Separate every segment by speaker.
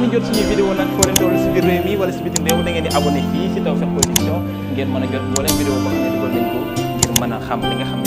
Speaker 1: ngeen jot suñu vidéo nag foo leen toll si biir réew mi wala si bitim réew da ngeen di abonné fii si Tawfekh Production ngeen mën a jot wala vidéo boo xam ne dugal nañ ko ngir mën a xam li nga xam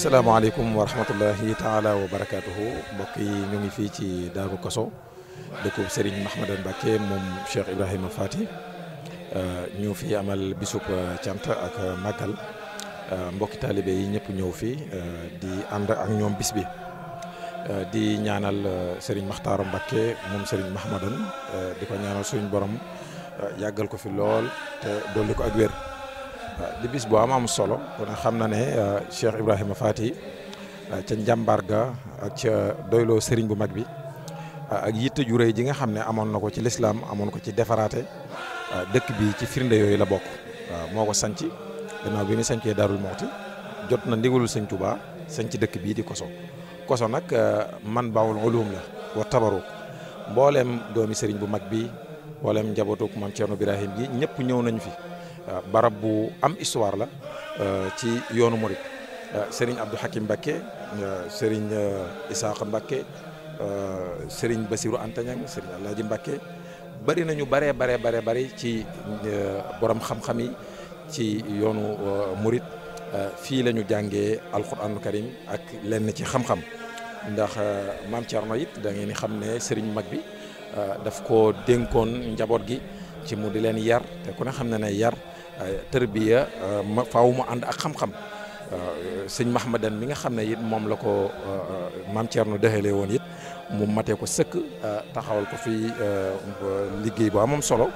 Speaker 2: salaamaaleykum wa rahmatullahi taala wa barakaatuhu mbokk yi ñu ngi fii ci Daaru Koso dëkkub Serigne Mahmadan Mbacke moom Cheikh Ibrahima Fati euh, ñu fi amal bisub euh, cant ak màggal euh, mbokki taalibe yi ñëpp ñëw fi di ànd ak ñoom bis bi di ñaanal Serigne Maxtaar Mbacke moom Serigne Mahmadan di ko ñaanal suñu borom yàggal ko fi lool te dolli ko ak wér. di bis bu am am solo kon xam na ne euh, Cheikh Ibrahima faati euh, ca njàmbaar ga ak ca doyloo sëriñ bu mag bi euh, ak yitte ju ji nga xam ne amoon na ko ci lislaam amoon ko ci defaraate dëkk bi ci firnde yooyu la bokk waaw moo ko sanc gannaaw bi mu sancee Darou Mouhty jot na ndigalul sëñ Touba sanc dëkk bii di koso koso nag man baawul ulum la wa tabaru mbooleem doomi sëriñ bu mag bi mbooleem njabootu maam Thierno Birahim gi ñëpp ñëw nañ fi Euh, barab bu am histoire la euh, ci yoonu murit euh, sëriñ Abdou Hakim Mbakke sëriñ Isaaxa Mbakke sëriñ Basiru Antañang sëriñ Alaaji Mbakke bari nañu baree baree baree bari ci borom xam-xam yi ci yoonu murit fii lañu ñu jàngee alxuraanul karim ak lenn ci xam-xam ndax maam Thierno it da ngeen xam ne sëriñ mag bi daf ko dénkoon njaboot gi ci mu di leen yar te ku xam na ne yar tërbiya euh, ma faaw mu ànd ak xam-xam euh, sëñ Mahmadan mi nga xam ne it moom la ko euh, maam Thierno dexalee woon it mu mate ko sëkk taxawal ko fi liggéey bu amam solo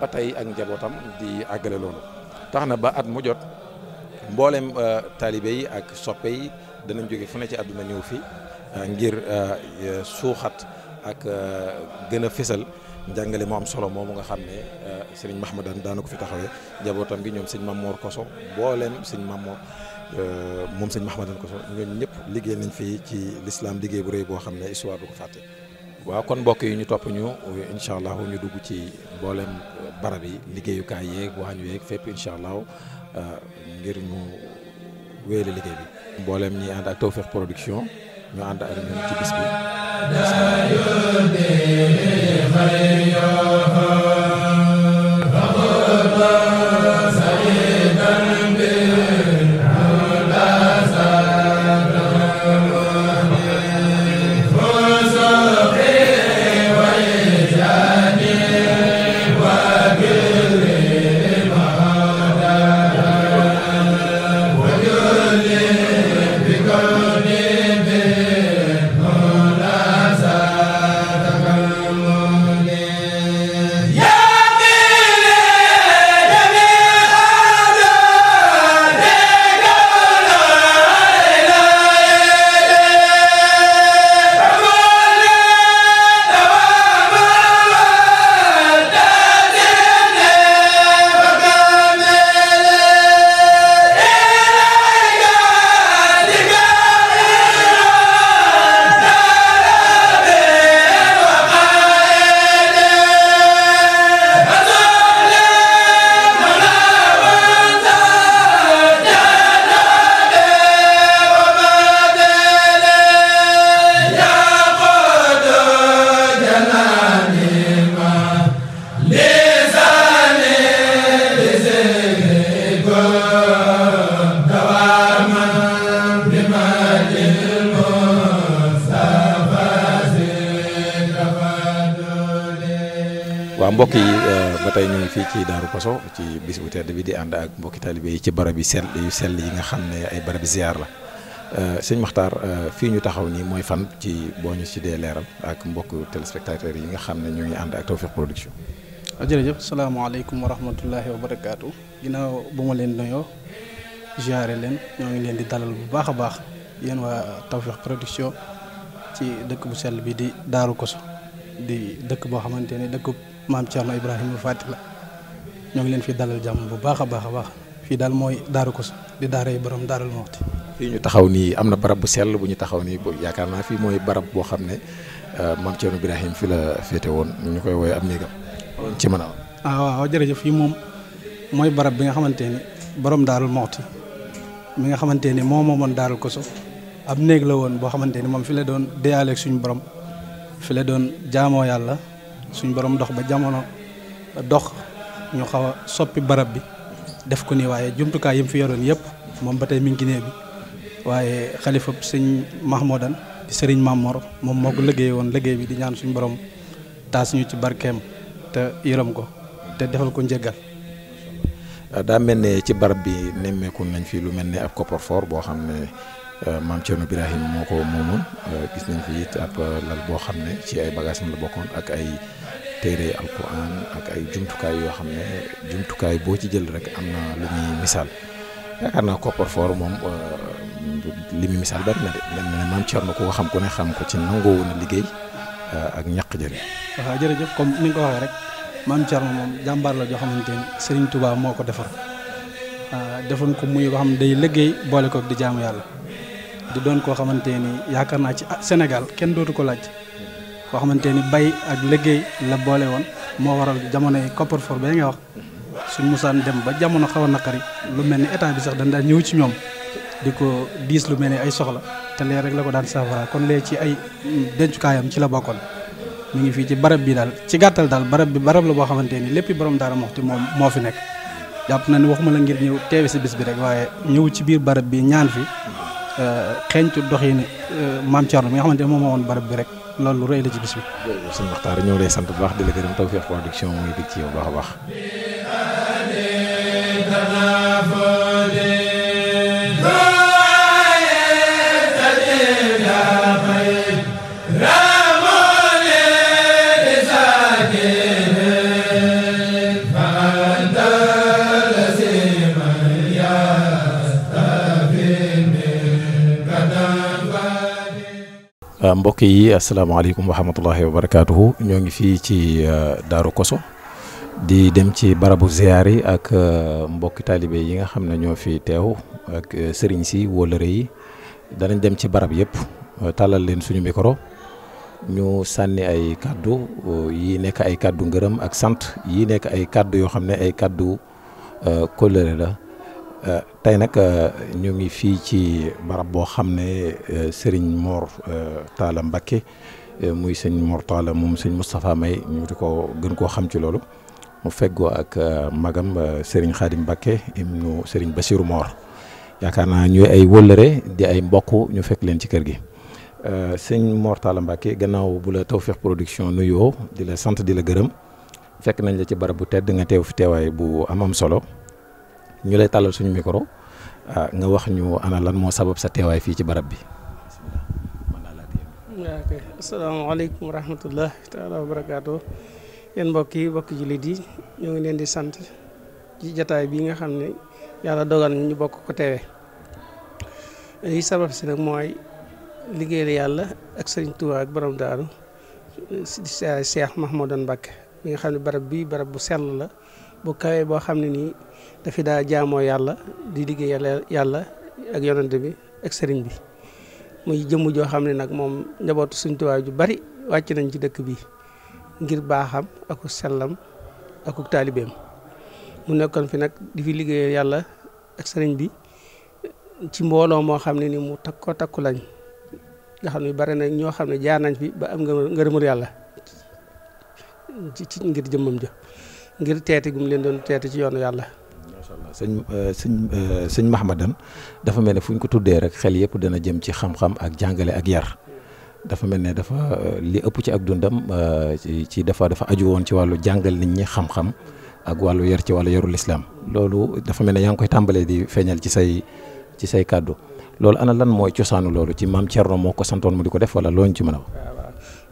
Speaker 2: ba tey ak njabootam di àggale loolu tax na ba at mu jot mboolem taalibe yi ak soppe yi danañ jóge fu ne ci àdduna ñëw fii ngir suuxat ak gën a fésal njàngale mu am solo moomu nga xam ne euh, sëriñ Mahmadan daana ko fi taxawee jabootam bi ñoom sëñ Mamoor Koso booleem sëñ Mamoor euh, moom sëñ Mahmadan Koso ñooñu ñëpp liggéey nañ fii ci lislaam liggéey bu rëy boo xam ne histoire du ko fàtte. waa kon mbokk yi ñu topp ñu incha allah ñu dugg ci mboolem euh, barab yi liggéeyukaay yeeg waañ yeeg fépp incha allah ngir ñu wéyale liggéey bi. mboolem ñi ànd ak Tawfekh Production ñu ànd ak ñun ci bis Yudhi Khayra waaw mbokk yi euh, ba tey ñu ngi fii ci Daaru Koso ci bis bu tedd bi di ànd ak mbokki taalibe yi ci barab yi sell yu sell yi nga xam ne ay barabi ziar la euh, sëñ Maxtaar euh, fii ñu taxaw nii mooy fan ci boo ñu ci dee leeral ak mbokk téléspectateurs yi nga xam ne ñu ngi ànd ak Tawfekh Production.
Speaker 1: Ah, jërëjëf salaamaaleykum wa rahmatullahi wa barakaatu ginnaaw bu ma leen nuyoo ziare leen ñoo ngi leen di dalal bu baax a baax yéen waa Tawfekh Production ci dëkk bu sell bi di Daaru Koso di dëkk boo xamante ne dëkk. maam Thierno bu Fati la ñoo ngi leen fi dalal jàmm bu baax a baax a baax fii daal mooy daaru Koso di daaray borom daaral Muxti.
Speaker 2: fii ñu taxaw nii am na barab bu sell bu ñu taxaw nii yaakaar naa fii mooy barab boo xam ne euh, maam Thierno Ibrahima fi la féete woon ñu koy woowee am néegam ci mën a
Speaker 1: ah, jërëjëf fii moom mooy barab bi nga xamante ni borom daaral Muxti mi nga xamante ni moo moomoon daaral Koso ab néeg la woon boo xamante ni moom fi la doon deyaaleeg suñu borom fi la doon jaamoo yàlla. suñ borom dox ba jamono dox ñu xaw a soppi barab bi def ko nii waaye jumtukaay yi mu fi yoroon yëpp moom ba tey mi ngi ci bi waaye xalifa sëñ Mahmoudan di sëriñ Mamor moom moo ko liggéey woon liggéey bi di ñaan suñ borom taas ñu ci barkeem te yërëm ko te defal ko njëggal.
Speaker 2: Euh, daa mel ne ci barab bi nemmeeku nañ fi lu mel ne ab coffre boo xam ne euh, maam Thierno Birahim moo ko moomoon euh, gis nañ fi it ab lal boo xam ne ci ay bagages la bokkoon ak ay. téere am ak ay jumtukaay yoo xam ne jumtukaay boo ci jël rek am na lu muy misaal yaakaar naa Copperfort moom euh, li muy misaal bari de mel na ne ko xam ku ne xam ko ci nangoo woon a liggéey euh, ak ñaq jëriñ.
Speaker 1: waaw jërëjëf comme ni nga ko waxee rek maam Thierno moom jàmbaar la joo xamante ni Serigne Touba moo ko defar euh, defoon ko muy ko xam day liggéey boole ko di jaamu yàlla di doon koo xamante ni yaakaar naa ci Sénégal kenn dootu ko laaj. boo xamante ni bay ak liggéey la boole woon moo waral jamonoy coffre-fort ba nga wax su musaan dem ba jamono xaw naqari lu mel ni état bi sax dañ daal ñëw ci ñoom di ko diis lu mel ni ay soxla te lee rek la ko daan saafara kon lee ci ay dencukaayam ci la bokkoon mu ngi fii ci barab bi daal ci gàttal daal barab bi barab la boo xamante ni lépp borom Darou Mouhty moom moo fi nekk jàpp na ni waxuma la ngir ñëw teewe si bi rek waaye ñëw ci biir barab bi ñaan fi euh, xeeñtu dox yi ni maam Thierno mi nga xamante moom moo woon barab bi rek loolu rey rëy la ci bis bi.
Speaker 2: ñëw sëñ lay sant bu baax di la gërëm Tawfekh Production muy dikk ci baax a baax. Euh, mbokk yi asalaamaaleykum wa rahmatullahi wa ñoo ngi fi ci euh, Daaru Koso di dem ci barabu ziyaar yi ak euh, mbokki taalibe yi nga xam ne ñoo fi teew ak sëriñ si wóolëre yi danañ dem ci barab yëpp tàllal leen suñu micro ñu sànni ay kàddu yi nekk ay kàddu ngërëm ak sant yi nekk ay kàddu yoo xam ne ay kàddu kóllëre la Euh, tey nag euh, ñu ngi fii ci barab boo xam ne euh, sëriñ Mor Talla Mbacké muy sëñ Mor Talla moom sëñ Moustapha May ñu di ko gën koo xam ci loolu mu feggoo ak magam sëriñ Khadim Mbacké ibnu sëriñ Bassirou Mor yaakaar naa ñuy ay wëllëre di ay mbokk ñu fekk leen ci kër gi sëñ Mor Talla Mbacké gannaaw bu la Tawfekh Production nuyoo di la sant di la gërëm fekk nañ la ci barab bu tedd nga teew fi teewaay bu amam solo ñu lay tàllal suñu micro ah, nga wax ñu ana moo sabab sa teewaay fii ci barab bi.
Speaker 1: waaw kay
Speaker 3: asalaamaaleykum wa rahmatullah taala yi mbokk jullit yi ñoo ngi leen di sant ci jataay bi nga xam ne yàlla dogal ñu bokk ko teewe li sabab si nag mooy liggéeyal yàlla ak sëriñ Tuubaa ak borom daaru di moo Mahmoudan Mbacké mi nga xam ne barab bi barab bu sell la bu kawee boo xam ne nii dafi daa jaamoo yàlla di liggéeyal yàlla ak yonante bi ak sëriñ bi muy jëmm joo xam ne nag moom njabootu Sëriñ Tuubaa ju bari wàcc nañ ci dëkk bi ngir baaxam aku sellam aku taalibeem mu nekkoon fi nag di fi liggéeyal yàlla ak sëriñ bi ci mbooloo moo xam ne ni mu takkoo takku lañ nga xam ne bari nag ñoo xam ne jaar nañ fi ba am nga ngërëmul yàlla ci ci ngir jëmmam ja ngir teete gum leen doon teete ci yoonu yàlla
Speaker 2: sañ sëñ euh, euh, sëñ Mahamadan dafa mel ne fu ñu ko tuddee rek xel yëpp dana jëm ci xam-xam ak jàngale ak yar dafa mel ne dafa euh, li ëpp ci ak dundam ci dafa dafa aju woon ci wàllu jàngal nit ñi xam-xam ak wàllu yar ci wàllu yaru lislaam loolu dafa mel ne yaa ngi koy tàmbalee di feeñal ci say ci say kàddu loolu ana lan mooy cosaanu loolu ci maam Thierno moo ko santoon mu di ko def wala looñ ci mën a wax.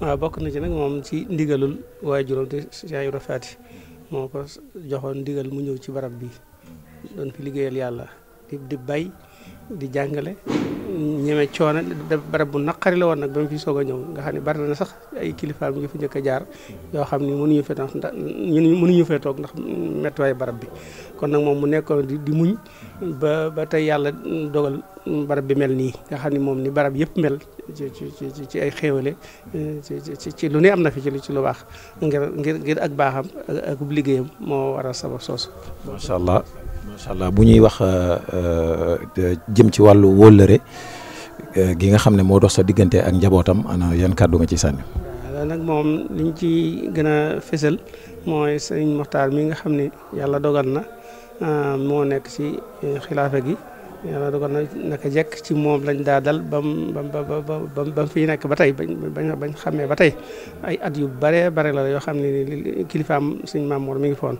Speaker 3: waaw bokk na ci nag moom ci ndigalul waajuram te Cheikh moo ko mu ñëw ci barab doon fi liggéeyal yàlla di di bay di jàngale ñeme coono barab bu naqari la woon nag ba mu fi soog a ñëw nga xam ne bari na sax ay kilifaam yu fu jëkk jaar yoo xam ni mënuñu fee tax ndax mënuñu fee toog ndax méttiwaayu barab bi kon nag moom mu nekkoon di muñ ba ba tey yàlla dogal barab bi mel nii nga xam ne moom ni barab yëpp mel ci ci ci ci ay xéewale ci ci lu ne am na fi ci lu ci lu baax ngir ngir ak baaxam ak ak liggéeyam moo waral sabab soosu.
Speaker 2: macha macha allah bu ñuy wax euh, euh, jëm ci wàllu wóllëre euh, gi nga xam ne moo dox sa diggante ak njabootam ana yan kàddu nga ci sànni.
Speaker 3: waaw nag moom liñ ci gën a fësal mooy sëñ Moxtaar mi nga xam ne yàlla dogal na moo nekk ci xilaafa gi. yàlla dogal na naka jekk ci moom lañ daa dal ba mu ba ba ba mu fiy nekk ba tey bañ bañ xamee ba tey ay at yu bare bare la yoo xam ne kilifaam sëñ Mamour mi ngi foon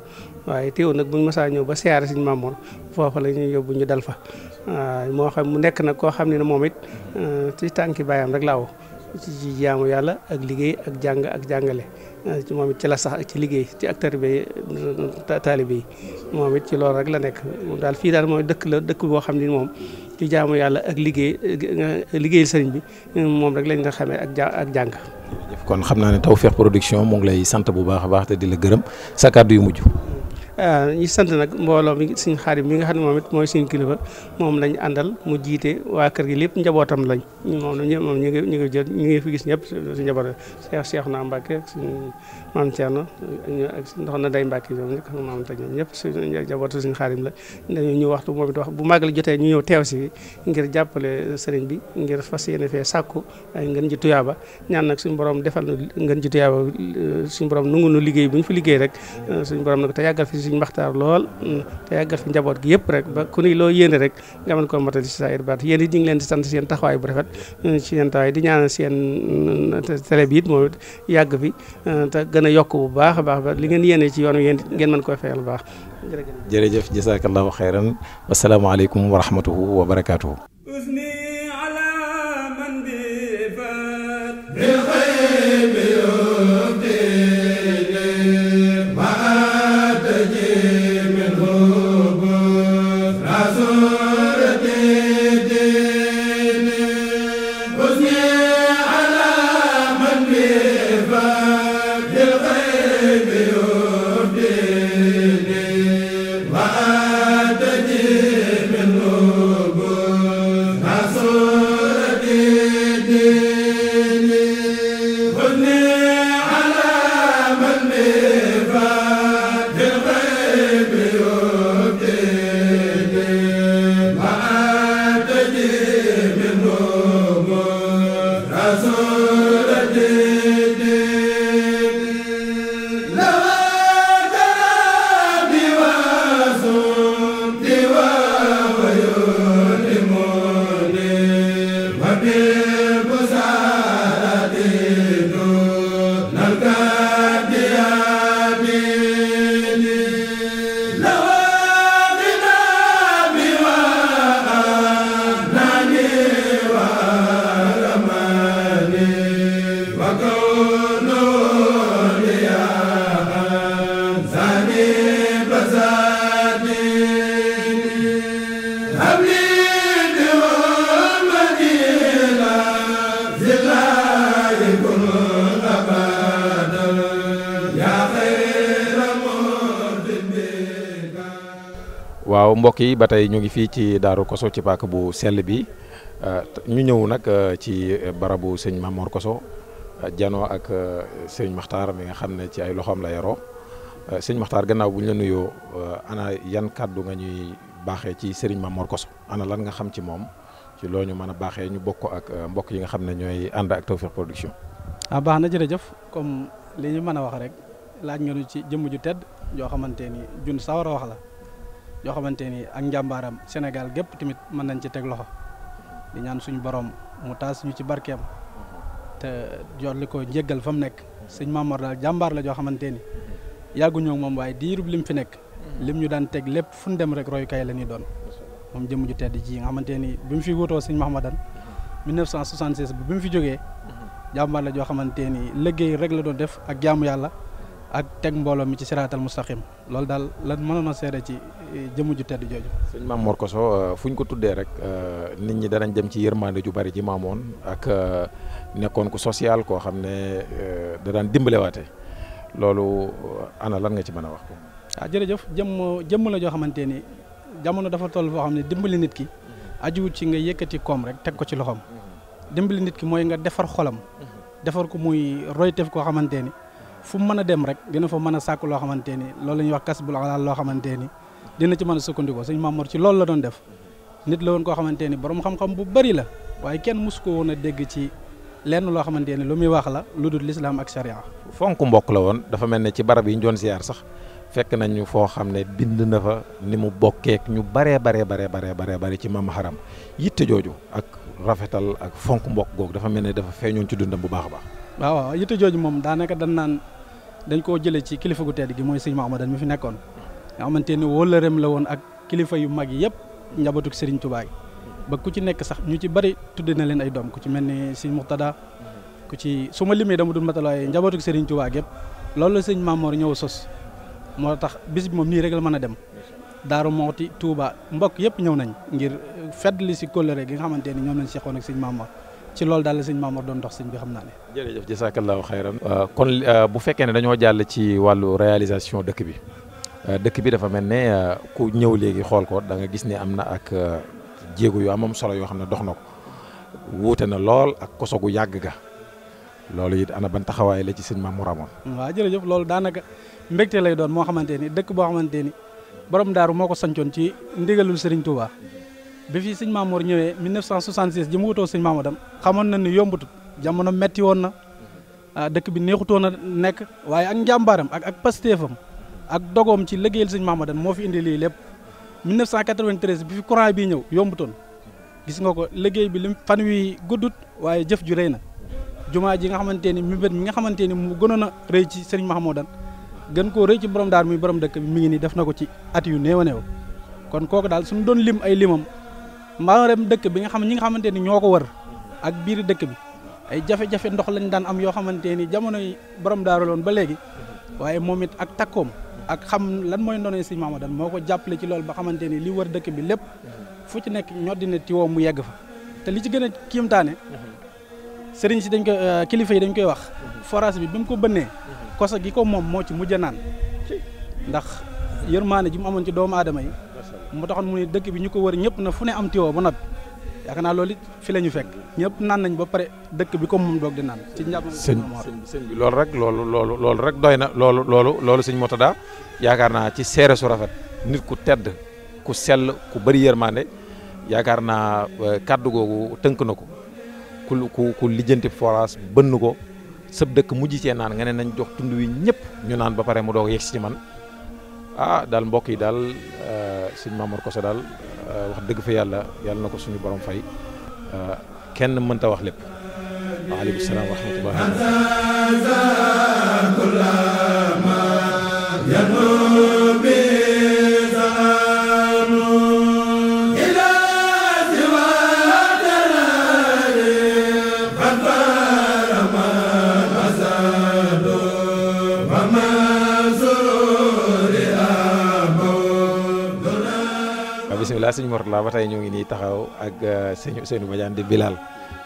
Speaker 3: waaye teew nag buñ mësaa ñëw ba siyaare sëñ Mamour foofa la ñuy yóbbu ñu dal fa waaw moo xam mu nekk nag koo xam ne ne moom it eh, ci tànki baayam rek laaw ci ci jaamu yàlla ak liggéey ak jàng ak jàngale eh, ci moom it ci la sax ak ci liggéey ci ak taalibe yi moom it ci loolu rek la nekk moom daal fii daal mooy dëkk la dëkk boo xam ni moom ci jaamu yàlla ak liggéey liggéeyal sëriñ bi moom rek lañ nga xamee ak ja ak jàng.
Speaker 2: kon xam naa ne taw feex Production moo ngi lay sant bu baax a baax te di la gërëm sa kàddu yu mujj.
Speaker 3: Euh, ñi sant nag mbooloo mi suñ xaadim nga xam ne moom it mooy suñ kilifa moom lañ àndal mu jiite waa kër gi lépp njabootam lañ moom la moom ñu ngi ñu ngi jël ñu ngi fi gis ñëpp suñ njaboot Cheikh na Mbacke ak suñ maam ndox na day Mbacke ñoom ñëpp ak maam ta ñëpp suñ njabootu suñ xaadim la dañu ñu waxtu moom it wax bu màggal jotee ñu ñëw teew si ngir jàppale sëriñ bi ngir fas yéene fee sàkku ay ngeen ji tuyaaba ñaan nag suñ borom defal nu ngeen ji tuyaaba suñ borom nungu nu liggéey bu ñu fi liggéey rek suñ borom nag te yàggal fi Sëriñ Maxtaar lool mm, te yàggal fi njaboot gi yëpp rek ba ku loo yéene rek nga mën koo matali si saa yu baat yéen it ñu ngi leen di sant seen taxawaay bu rafet mm, ci seen taxawaay di ñaan seen mm, télé bi it moom it yàgg fi ta gën a yokk bu baax a baax ba li ngeen yéene ci yoon wi ngeen mën koo fayal baax baax jërëjëf
Speaker 2: jërëjëf jazakallahu xayran wasalaamaaleykum wa rahmatuhu wa barakaatuhu waaw mbokk yi ba tey ñu ngi fii ci Daaru Koso ci pàkk bu sell bi euh, ñu ñëw nag euh, ci barabu sëñ Mamor Koso euh, janoo ak sëñ Maxtaar mi nga xam ne ci ay loxoom la yaroo sëñ Maxtaar gannaaw bu ñu la nuyoo ana yan kàddu nga ñuy baaxee ci sëriñ Mamor Koso ana lan nga xam ci moom ci loo ñu mën a baaxee ñu bokk ak mbokk yi nga xam ne ñooy ànd ak Tawfekh Production.
Speaker 1: ah baax na jërëjëf comme li ñu mën a wax rek laaj nga nu ci jëmm ju tedd joo xamante ni jun sawar wax la. yoo xamante ni ak njàmbaaram Sénégal gépp tamit mën nañ ci teg loxo di ñaan suñu borom mu taas ñu ci barkeem te jot li ko njéggal fa mu nekk sëñ Mamor daal jàmbaar la joo xamante ni yàgguñoo moom waaye diirub lim fi nekk lim ñu daan teg lépp fu ñu dem rek royukaay la ñuy doon moom jëmm ju tedd ji nga xamante ni bi mu fi wutoo sëñ Mahamadan 1976 bi mu fi jógee jàmbaar la joo xamante ni liggéey rek la doon def ak jaamu yàlla ak teg mbooloo mi ci siraatal mustaqim loolu daal lan mënoon a seere ci eh, jëmu ju tedd
Speaker 2: jooju. sëñ Maam ko Koso euh, fu ñu ko tuddee rek euh, nit ñi danañ jëm ci yërmande ju bari ji maamoon ak euh, nekkoon ko social koo xam ne da daan dimbalewaate loolu ana lan nga ci mën a wax ko.
Speaker 1: ah jërëjëf jëmm jëmm la joo xamante ni jamono dafa toll foo xam ne dimbali nit ki ajuwut ci nga yëkkati koom rek teg ko ci loxoom mhm. dimbali nit ki mooy nga defar xolam mhm. defar ko muy royteef koo xamante ni. fu mu mën a dem rek dina fa mën a sàkk loo xamante ni loolu la ñuy wax kas bul alaal loo xamante ni dina ci mën a sukkandiku sëñ Mamour ci loolu la doon def nit la woon koo xamante ni borom xam-xam bu bari la waaye kenn mus ko woon a dégg ci lenn loo xamante ni lu muy wax la lu dul lislaam ak sharia
Speaker 2: fonk mbokk la woon dafa mel ne ci barab yi ñu doon ziar sax fekk nañu foo xam ne bind na fa ni mu bokkeek ñu baree baree baree bare baree bare ci mam yitte jooju ak rafetal ak fonk mbokk googu dafa mel ne dafa feeñoon ci dundam bu baax a
Speaker 1: waaw waaw yitte jooju moom daanaka dañ naan dañ koo jëlee ci kilifa gu tedd gi mooy sëñ Mahamadan mi fi nekkoon nga xamante ni wóllëreem la woon ak kilifa yu mag yëpp njabatuk sëriñ Tuubaa yi ba ku ci nekk sax ñu ci bari tudde na leen ay doom ku ci mel ni sëñ Muxtada ku ci su ma limee dama dul matal waaye njabatuk sëriñ Tuubaa yëpp loolu la sëñ Maamoor ñëw sos moo tax bis bi moom nii rek la mën a dem Daaru Moxti tuubaa mbokk yëpp ñëw nañ ngir fedd li si gi nga xamante ni ñoom lañ seqoon ak sëñ Maamoor ci loolu daal la sëñ Maamoor doon dox sëñ bi xam naa ne.
Speaker 2: jërëjëf jazakallaahu xayran. Euh, kon euh, bu fekkee ne dañoo jàll ci wàllu réalisation dëkk bi euh, dëkk bi dafa mel ne ku ñëw léegi xool ko da nga gis ne am na ak jéego yu amam solo yoo xam ne dox na ko wuute na lool ak koso gu yàgg ga loolu it ana ban taxawaay la ci sëñ Maamoor amoon.
Speaker 1: waaw jërëjëf loolu daanaka mbégte lay doon moo xamante ni dëkk boo xamante ni borom daaru moo ko sancoon ci ndigalul sëriñ Touba. bi fii sëñ Mamour ñëwee 1966 ji mu wutoo sëñ Mamadam xamoon na ni yombutut jamono metti woon na ah, dëkk bi neexutoon na nekk waaye ak njàmbaaram ak ak pasteefam ak dogoom ci liggéeyal sëñ Mamadam moo fi indi lii lépp 1993 bi fi courant bii ñëw yombutoon gis nga ko liggéey bi lim fan wi guddut waaye jëf ju rëy na jumaa ji nga xamante ni mibét mi nga xamante ni mu gënoon a rëy ci sëñ Mahmoudan gën koo rëy ci borom daar muy borom dëkk bi mu ngi nii def na ko ci at yu néew a néew kon kooku daal suñu doon lim ay limam mbaarem dëkk bi nga xam ñi nga xamante ni ñoo ko wër ak biir dëkk bi ay jafe-jafe ndox lañ daan am yoo xamante ni jamonoy borom daaru loon ba léegi waaye moom it ak takkoom ak xam lan mooy ndonoy sëñ Mamadane moo ko jàppale ci loolu ba xamante ni li wër dëkk bi lépp foo ci nekk ñoo dina tiwoo mu yegg fa te li ci gën a kiimtaane sëriñ si dañ koy euh, kilifa yi dañ koy wax forage bi bi mu ko bënnee koso gi ko moom moo ci mujj naan ndax yërmaane ji mu ci doomu yi mu taxoon mu ni dëkk bi ñu ko wër ñëpp na fu ne am tiwo ba noppi yaakaar naa loolu it fi la ñu fekk ñëpp naan nañ ba pare dëkk bi comme moom doog di naan ci njàpp sëñ
Speaker 2: sëñ bi loolu rek loolu loolu rek doy na loolu loolu loolu sëñ Mourtada yaakaar naa ci seere su rafet nit ku tedd ku sell ku bëri yërmande yaakaar naa euh, kàddu googu tënk na ko ku ku ku lijjanti forage bënn ko sëb dëkk mujj cee naan nga ne nañ jox tund wi ñëpp ñu naan ba pare mu doo yegg si ci man ah daal mbokk yi daal euh, suñ Mamour Kosso daal euh, wax dëgg fa yàlla yàlla na ko suñu borom fay euh, kenn mënta wax lépp waaleykum salaam wa rahmatullah alhamdulilah sëñ Mortala ba tey ñoo ngi nii taxaw ak uh, sëñ Ousseynou Badiane di bilaal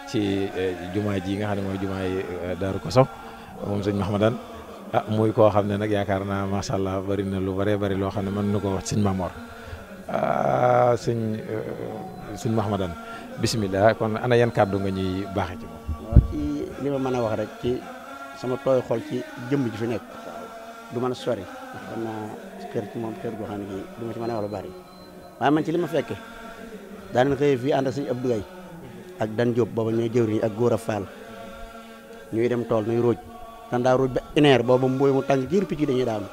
Speaker 2: ci uh, jumaa ji nga xam ne mooy jumaa yi uh, Daaru Koso moom sëñ Mahmadan ah muy koo xam ne nag yaakaar naa macha allah bari na lu bëree bari loo xam ne mën na ko wax sëñ Mamor ah, sëñ sëñ Mahmadan bisimilah kon ana yan kàddu nga ñuy
Speaker 4: baax ci moom. li ma mën a wax rek ci sama tooy xol ci jëmm ji fi nekk du mën a sori ndax xam naa kër ci moom kër goo xam ne du ma ci a wax lu bari. waaye man ci li ma fekke daanan xëyee fii ànd ak sëñ Abdou Gaye ak Dan Diop booba ñooy jëwriñ ak Gora Fall ñuy dem tool nuy róoj tan daa róoj ba ineer booba mbooy mu tàng jër picc dañuy daanu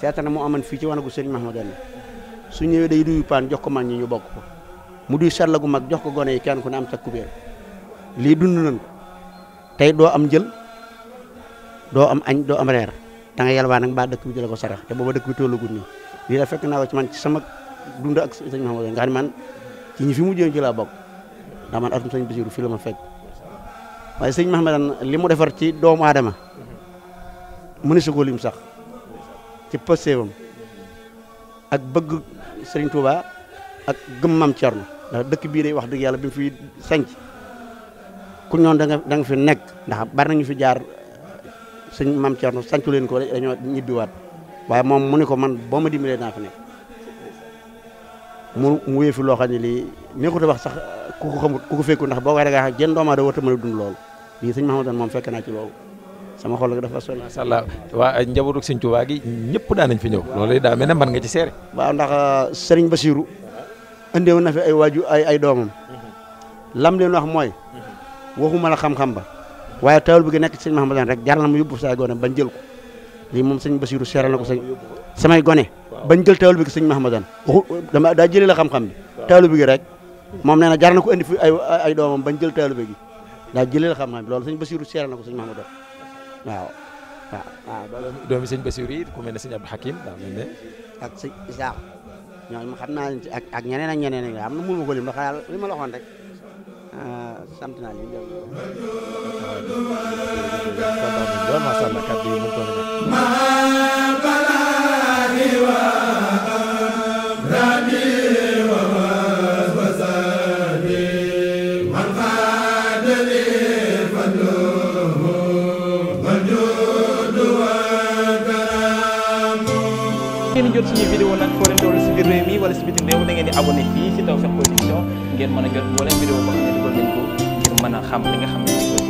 Speaker 4: seeta na moo amoon fii ci wanagu sëriñ Mahmadane su ñëwee day duyu paan jox ko mag ñi ñu bokk ko mu duy sàlla gu mag jox ko gone yi kenn ku ne am sa kubéer lii dund nañ ko tey doo am jël doo am añ doo am reer da nga yalwaan nag mbaa dëkk bi jëla ko sarax te boo dëkk bi dund ak sëñ Mahamadou man ci ñi fi mujjee ci laa bokk ndax man atum sëñ Basiru fi la ma fekk waaye sëñ Mahamadou li mu defar ci doomu aadama mënu si lim sax ci pëstéewam ak bëgg sëriñ Touba ak gëm Maam Cerno ndax dëkk bii day wax dëgg yàlla bi mu fi sanc ku ñoon da nga fi nekk ndax bari nañu fi jaar sëñ Maam Cerno sancu leen ko dañoo ñibbiwaat waaye moom mu ne ko man boo ma dimbalee naa fi nekk mu mu wéefi loo xam ne lii nekkut wax sax ku ko xamut ku ko fekkul ndax boo ko rek ak jën doomaa da warta mën a dund loolu lii sëñ Mahamadou moom fekk naa ci loolu sama xol nga dafa sori masha waa njabootu sëñ Tuubaa gi ñëpp daan nañ fi ñëw loolu daa mel ne mën nga ci seere waaw ndax euh, sëriñ Basiiru andeewoon na fi ay waaju ay ay doomam lam leen wax mooy waxuma la xam-xam ba waaye tawul bi gi nekk sëñ Mahamadou rek jar na mu yóbbu saa goone bañ jël ko lii moom sëñ Basiiru seeral na ko sëñ samay gone bañ jël taalu bi gi sëñ Mahamadan dama daa jëlee la xam bi taalu bi gi rek moom nee na jar na ko indi fi ay doomam bañ jël taalu bi gi daa jëlee la xam-xam bi loolu sëñ Basiru seera na ko sëñ Mahamadan waaw waaw waaw doomi sëñ Basiru yi ku mel ne sëñ Abdou Hakim daa xam naa ci ak ak ñeneen ak ñeneen ak am na mënu ma ko lim ma la waxoon sant naa
Speaker 1: abonné fii si Tawfekh Production ngeen mën a jot wala vidéo boo xam ne dugal a xam li nga xam ne